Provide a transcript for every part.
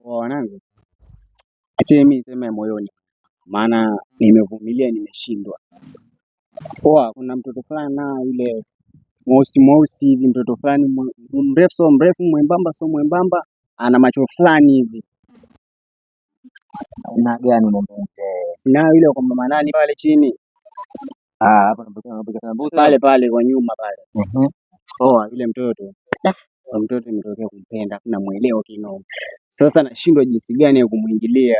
wanangu, atie mi sema ya moyoni, maana nimevumilia, nimeshindwa. Poa, kuna mtoto fulani na yule mweusi mweusi hivi, mtoto fulani mrefu, so mrefu, mwembamba, so mwembamba, ana macho fulani hivi na gani na yule kwa mama nani pale chini ah, pale pale kwa nyuma pale. Mhm. Poa, yule mtoto mtoto imetokea kumpenda, kuna mweleo kinoma sasa nashindwa jinsi gani ya kumwingilia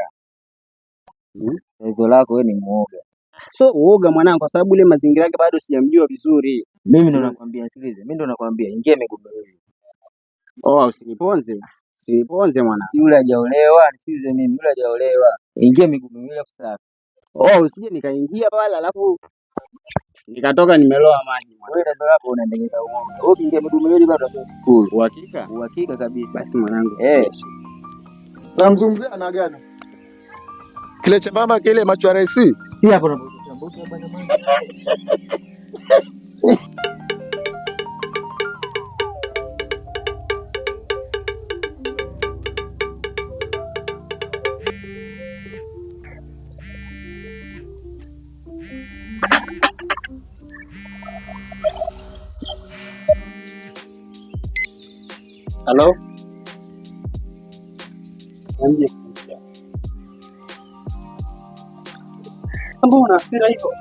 hmm? tatizo lako. Wewe ni muoga, so uoga mwanangu, kwa sababu ile mazingira yake bado sijamjua vizuri. Mimi ndo nakwambia, sikilize, mimi ndo nakwambia, ingia miguu miwili. Oh, usiniponze, usiniponze mwanangu, yule hajaolewa. Sikilize mimi, yule hajaolewa, ingia miguu miwili safi. Oh, usije nikaingia pale alafu nikatoka nimeloa maji. Wewe tatizo lako unaendeleza uoga. Wewe ukiingia miguu miwili bado. Uhakika, uhakika kabisa. Basi mwanangu, eh Namzungumzia na gani? Kile chembamba kile macho ya rais. hasira hiyo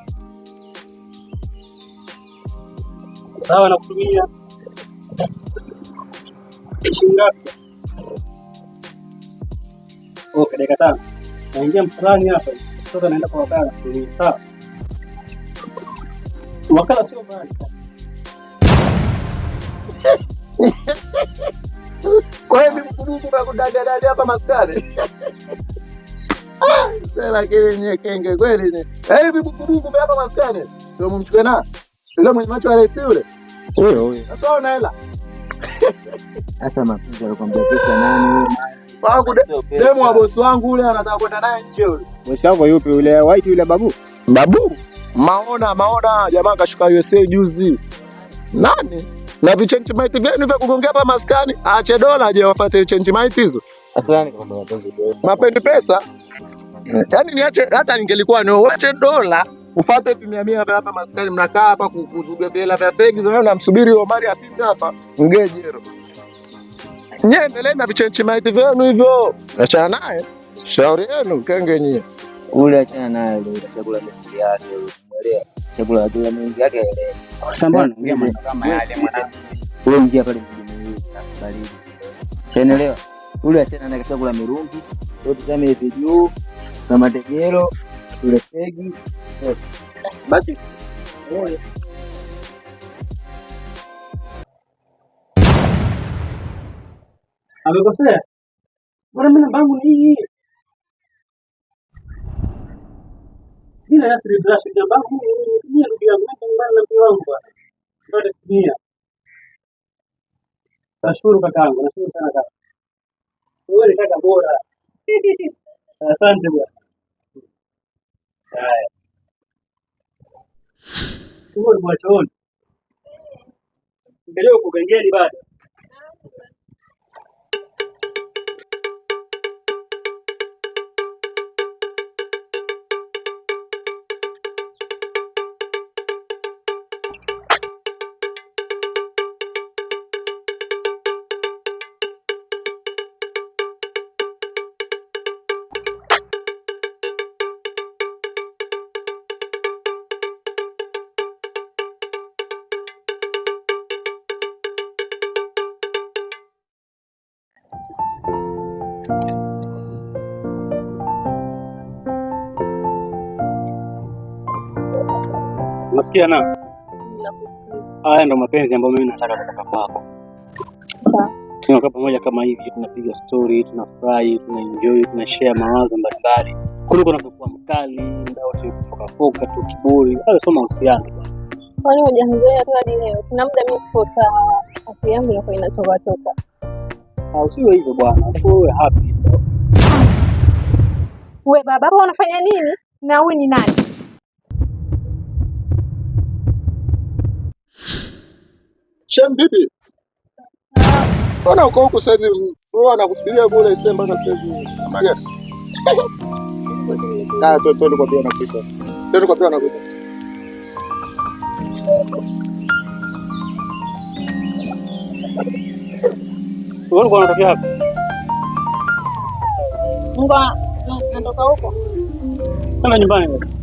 sawa, na kutumia shingapi? Okay, dakika tano. Naingia mfulani hapa kutoka, naenda kwa wakala. Ni Sawa, wakala sio mbali kwa hiyo mkuruzu kakudadadadi hapa maskani lakini nye kenge kweli ni hey, bibububu hapa maskani ndio mumchukue na yule mwenye macho yale, yule huyo huyo. Sasa una hela hata mafunzo alikwambia pesa nani? Wangu demo wa bosi wangu yule anataka kwenda naye nje yule. Bosi wako yupi yule? White yule babu. Babu. Maona maona jamaa kashuka USA juzi. Nani? Na vichange maiti vyenu vya kugongea hapa maskani. Aache dola aje wafuate vichange mite hizo. Asante kwa mapenzi. Mapendi pesa. Yaani niache hata ningelikuwa ni niwache dola ufate hivi mia mia hapa maskani, mnakaa hapa kuzuga vela vya fegi, zao na namsubiri Omari apite hapa mgee jero. Nyie endelee na vichenchi maiti vyenu hivyo, achana naye, shauri yenu kenge nyie. Ule achana naye ule, chakula mengi yake ule, chakula kila mengi yake ile. Sasa mbona ongea mambo kama yale mwanangu. Wewe mjia pale mjini baridi. Unaelewa? Ule achana naye chakula mirungi, ndio tuseme hivi juu Mamatequero, Urestequi, eh, Bate. Amekosea, qué mimi namba vamos ni hii? Mira, ya free ¿Qué Ya me ni ndugu yangu mbona na mke wangu bwana. Ndio tumia. Nashukuru kakaangu, ¿Qué sana kaka. Wewe ni Asante Huo ni mwachooni. Mbele uko bado. Unasikia na? Haya ndo mapenzi ambayo mimi nataka kutoka kwako. Tunakaa pamoja kama hivi, tunapiga story, tunafurahi, tunaenjoy, tunashare mawazo mbalimbali kuliko unapokuwa mkali foka tu kiburi. Hayo sio mahusiano. Kwani hujaangalia tu hadi leo? Kuna muda mimi kutoka afya yangu inakuwa inatoka toka. Ah, usiwe hivyo bwana, wewe happy. Wewe baba, unafanya nini? Na wewe ni nani? Shem vipi? Mbona uko huku sasa Wewe anakufikiria bure sasa mpaka sasa Kama gani? Ah, tu tu kwa pia napika. Tu kwa pia napika. Wewe uko unatokea wapi? Mbona natoka huko? Kama nyumbani.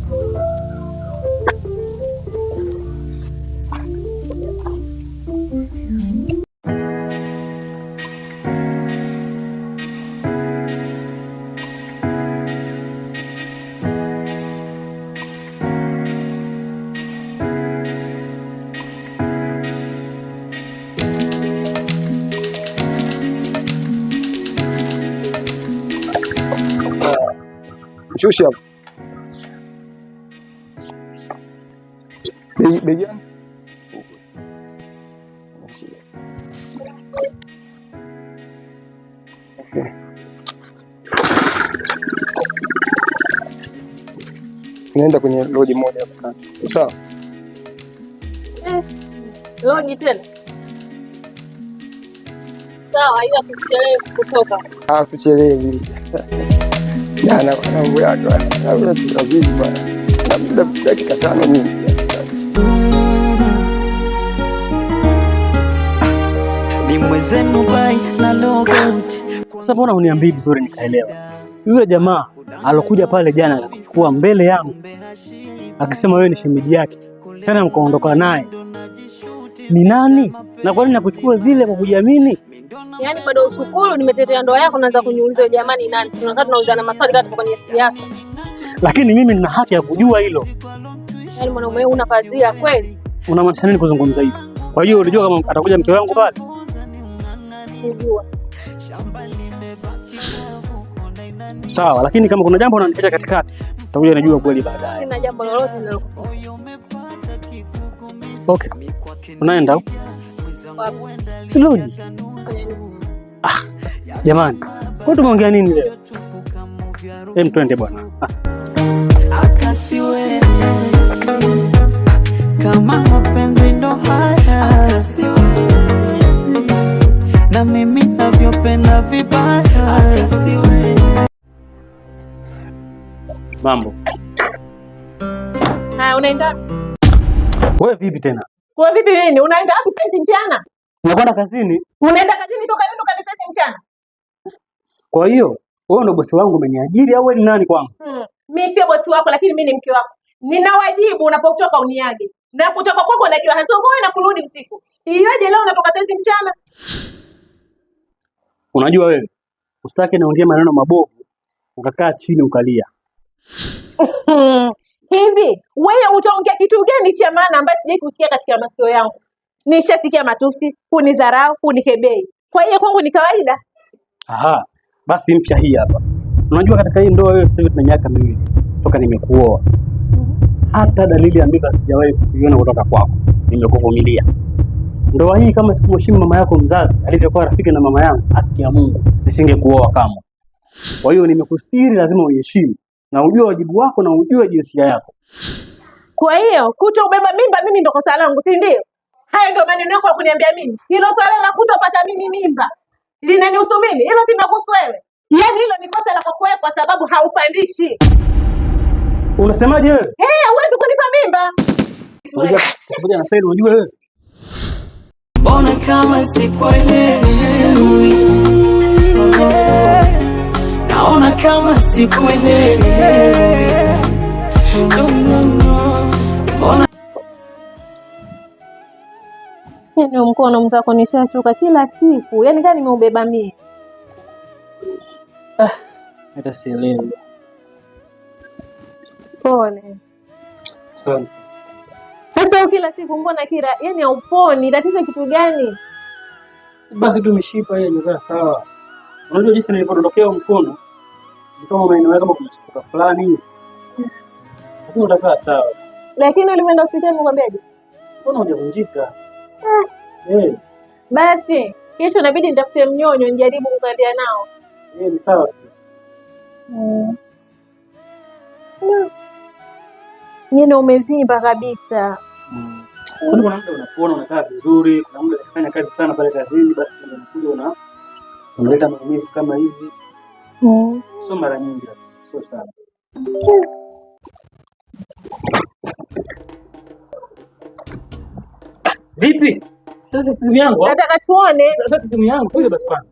mshushi hapo. Bei gani? Naenda kwenye loji moja hapo kati. Sawa. Eh, loji tena. Sawa, ila tusichelewe kutoka. Ah, tuchelewe. jana wanangu tano Sasa mbona uniambii vizuri nikaelewa? Yule jamaa alokuja pale jana alikuwa mbele yangu akisema wewe ni shemeji yake, tena mkaondoka naye, ni nani na kwa nini nakuchukua vile kwa kujiamini? Yaani bado ushukuru nimetetea ndoa yako, naanza kuniuliza jamani, nani? Tunakaa tunaulizana maswali kati kwenye siasa. Lakini mimi nina haki ya kujua hilo. Yaani mwanaume una pazia kweli? Unamaanisha nini kuzungumza hivi Kwa hiyo unajua kama atakuja mke wangu pale? Unajua. Sawa, lakini kama kuna jambo unanificha katikati, utakuja unajua kweli baadaye. Sina jambo lolote ninalokufanya. Okay. Unaenda? Siloji. Ah, jamani, kwa tumeongea nini leo? Hem, twende bwana. Ah. kama mapenzi ndo haya, akasiwezi na mimi navyopenda vibaya, Mambo. Ha, unaenda? Wewe vipi tena? Kwa vipi nini? Unaenda wapi sasa mchana? Unakwenda kazini. Unaenda kazini toka lini kanisani mchana? Kwa hiyo wewe ndio bosi wangu umeniajiri au wewe ni nani kwangu? Hmm. Mimi sio bosi wako lakini mimi ni mke wako. Nina wajibu unapotoka uniage. Na kutoka kwako unajua wewe na kurudi usiku. iyoje leo unatoka sasa mchana? Unajua wewe usitaki naongea maneno mabovu ukakaa chini ukalia. Hmm. Hivi wewe utaongea kitu gani cha maana ambayo sijai kusikia katika masikio yangu? Nishasikia matusi, kunidharau, kunikebei. Kwa hiyo kwangu ni kawaida. Aha, basi mpya hii hapa. Unajua katika hii ndoa wewe sasa hivi tuna miaka miwili toka nimekuoa. Mhm. Hata dalili ya mimba sijawahi kuiona kutoka kwako. Nimekuvumilia. Ndoa hii kama sikumheshimu mama yako mzazi alivyokuwa rafiki na mama yangu, haki ya Mungu, nisingekuoa kama. Kwa hiyo nimekusiri lazima uheshimu na ujue wajibu wako na ujue jinsia yako. Kwa hiyo kutobeba mimba mimi ndo kosa langu, si ndio? Hayo ndio maneno yako ya kuniambia mimi? Hilo swala la kutopata mimi mimba linanihusu mimi? Hilo si linakuhusu wewe? Yaani hilo ni kosa la kwako kwa sababu haupandishi. Unasemaje wewe? Eh, hey, huwezi kunipa mimba. Unajua wewe mbona kama sikuelewi naona kama sikuelewi. No, no, no. Ndio yaani mkono mzako nishachoka kila siku, yaani kaa nimeubeba mie ah. hata sielewi. Pole sasa, kila siku mbona kila yaani hauponi? Tatizo kitu gani? Basi tu mishipa hiyo imekaa sawa. Unajua jinsi nilivyodondokea mkono kama unaelewa kama kuna kitu fulani, lakini utakaa sawa. Lakini ulienda hospitali nikwambiaje? Mbona hujavunjika? Eh. eh. Basi kesho inabidi nitafute mnyonyo nijaribu kukandia nao. Eh, ni sawa. Mm. No. Nino umevimba kabisa. Mm. Kuna muda unapona unakaa vizuri, kuna muda unafanya kazi sana pale kazini, basi unakuja una unaleta maumivu kama hivi. Mm. Sio mara nyingi, sio sana. Vipi? Sasa simu yangu. Nataka tuone. Sasa simu yangu. kuja basi kwanza.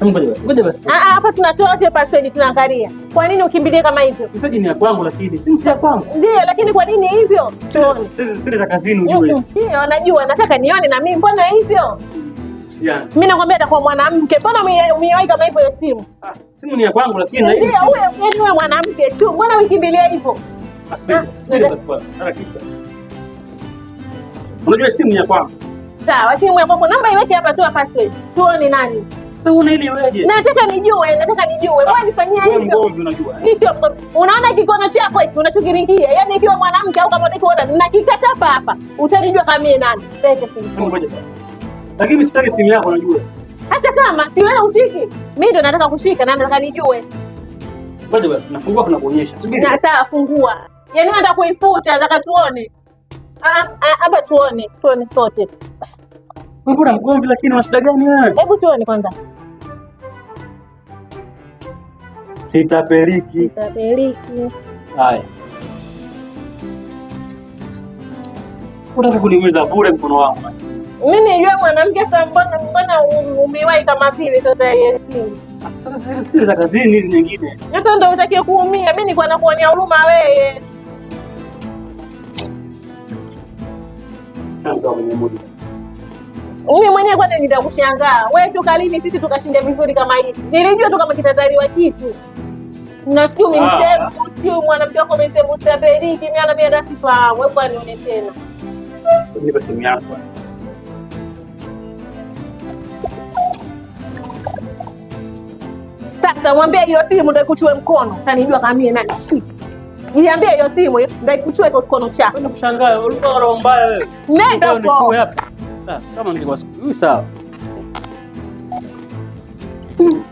Ah, ah, hapa tunatoa wote password tunaangalia. Kwa nini ukimbilie kama hivyo? Message ni ya kwangu lakini simu si ya kwangu. Ndio, lakini kwa nini hivyo? Tuone. Sisi sisi za kazini ujue. Ndio, wanajua nataka nione na mimi mbona hivyo? usianze. Mimi nakwambia atakuwa mwanamke. Mbona umewahi kama hivyo ya simu? Ah, simu ni ya kwangu lakini na hiyo. Wewe wewe mwanamke tu. Mbona ukimbilia hivyo? Ah, ah, unajua simu ya kwangu. Sawa, simu ya kwangu. Namba iweke hapa tu hapa sasa. Tuone nani. una ile Nataka nijue, nataka nijue. Wewe ah, nifanyia hivyo. Wewe unajua. Ni Unaona kikono chako hiki unachokiringia, yaani ikiwa mwanamke au kama unataka kuona, nakikata hapa hapa, utanijua kama mimi nani. Ngoja lakini sitaki simu yako najua. Hata kama si wewe ushiki, mimi ndo nataka kushika na nataka nijue. Bado basi nafungua kuna kuonyesha. Subiri. Na sasa fungua. Yaani nataka kuifuta, nataka tuone. Ah, ah, ah, hapa tuone, tuone sote. Mbona mgomvi lakini una shida gani wewe? Hebu tuone kwanza. Sitapeliki. Sitapeliki. Haya. Unataka kuniumiza bure mkono wangu basi mi nijue mwanamke sasa, mbona mbona umewahi kama vile sasa yesini? za kazini hizi nyingine. Sasa ndio utakie kuumia. Mimi nilikuwa nakuonea huruma wewe. Mimi mwenyewe kwani nitakushangaa. Wewe toka lini sisi tukashinda vizuri kama hivi? Nilijua tu kama kitataliwa kitu. Nafikiri ah. umemsema, sio mwanamke wako umemsema usabiriki, mimi ana mimi nasifahamu. Wewe kwani Nipe simu yako. Sasa mwambie hiyo simu ndio ikuchue mkono. Tanijua kama mimi nani. Niambie hiyo simu ndio ikuchue kwa mkono chako. Wewe unashangaa, ulikuwa roho mbaya wewe. Nenda huko. Ah, kama ningekuwa sawa. Hmm.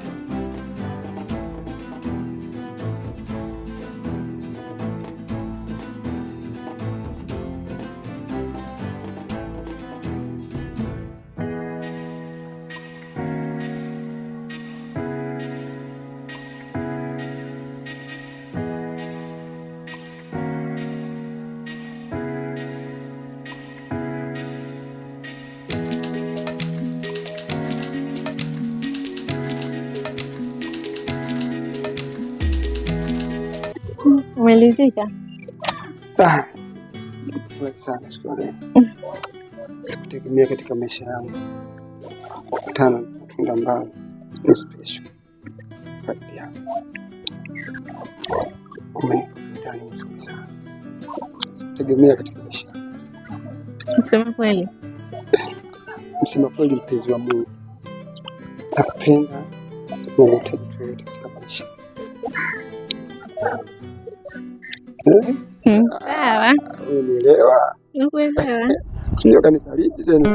Umelizika? Ah, nimefurahi sana Sikutegemea katika maisha yangu kukutana na matunda ambayo ni special kwa ajili yangu. sana, sikutegemea katika maisha yangu. Msema kweli, msema kweli, mpenzi wa Mungu, nakupenda na nahitaji katika maisha Unielewa? Hmm. Sio kanisa lipi tena?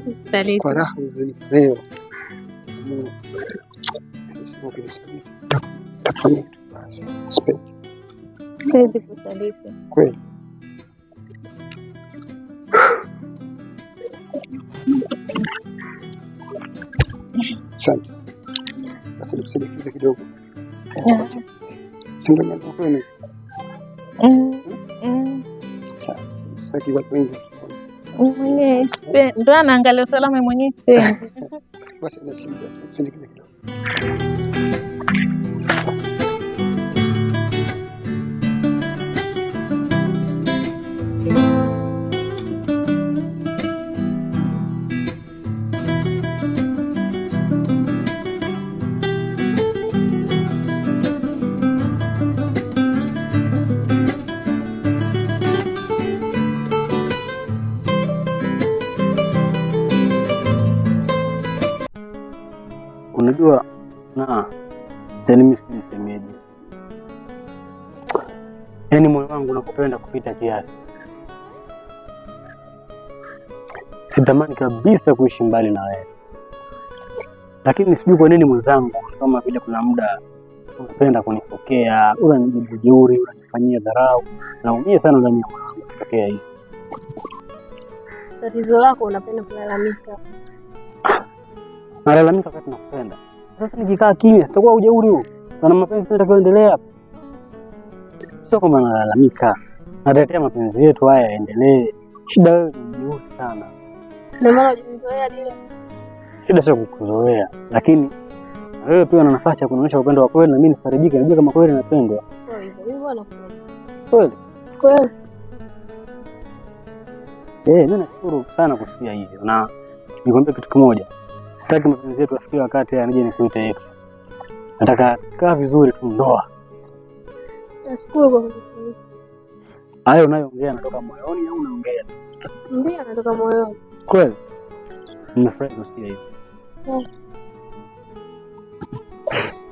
siwezi kusaliti. Kwa raha ulionayo siwezi kusaliti kweli. Asante. Basi nikusindikize kidogo, si ndio? Mm, mm. Sitaki watu wengi mwenyewe ndo anaangalia usalama mwenyewe. Basi ni shida, sindikile kidogo Yaani mimi sijui nisemeje. Yaani moyo wangu unakupenda kupita kiasi. Sitamani kabisa kuishi mbali na wewe, lakini sijui kwa nini mwenzangu, kama vile kuna muda unapenda kunipokea, unanijibu jeuri, unanifanyia dharau. Naumia sana ndani ya moyo wangu kutokea hii. Tatizo lako unapenda kulalamika. Nalalamika wakati nakupenda sasa nikikaa kimya sitakuwa ujeuri huu. na mapenzi yanatakiwaendelea hapa. Sio kwamba nalalamika, natetea mapenzi yetu haya yaendelee. Shida wewe ni ujeuri sana. Na maana unajizoea dile. Shida sio kukuzoea, lakini wewe pia una nafasi ya kuonyesha upendo wa kweli, na mimi nifarijike, najua kama kweli napendwa. Kweli kweli. Eh, mimi nashukuru sana kusikia hivyo, na nikwambia kitu kimoja Sitaki mapenzi yetu afikie wakati anije nikuite ex. Nataka kaa vizuri tu ndoa. Nashukuru kwa kusikiliza. Hayo unayoongea natoka moyoni au unaongea? Ndio, natoka moyoni. Kweli? Nimefurahi kusikia Yeah.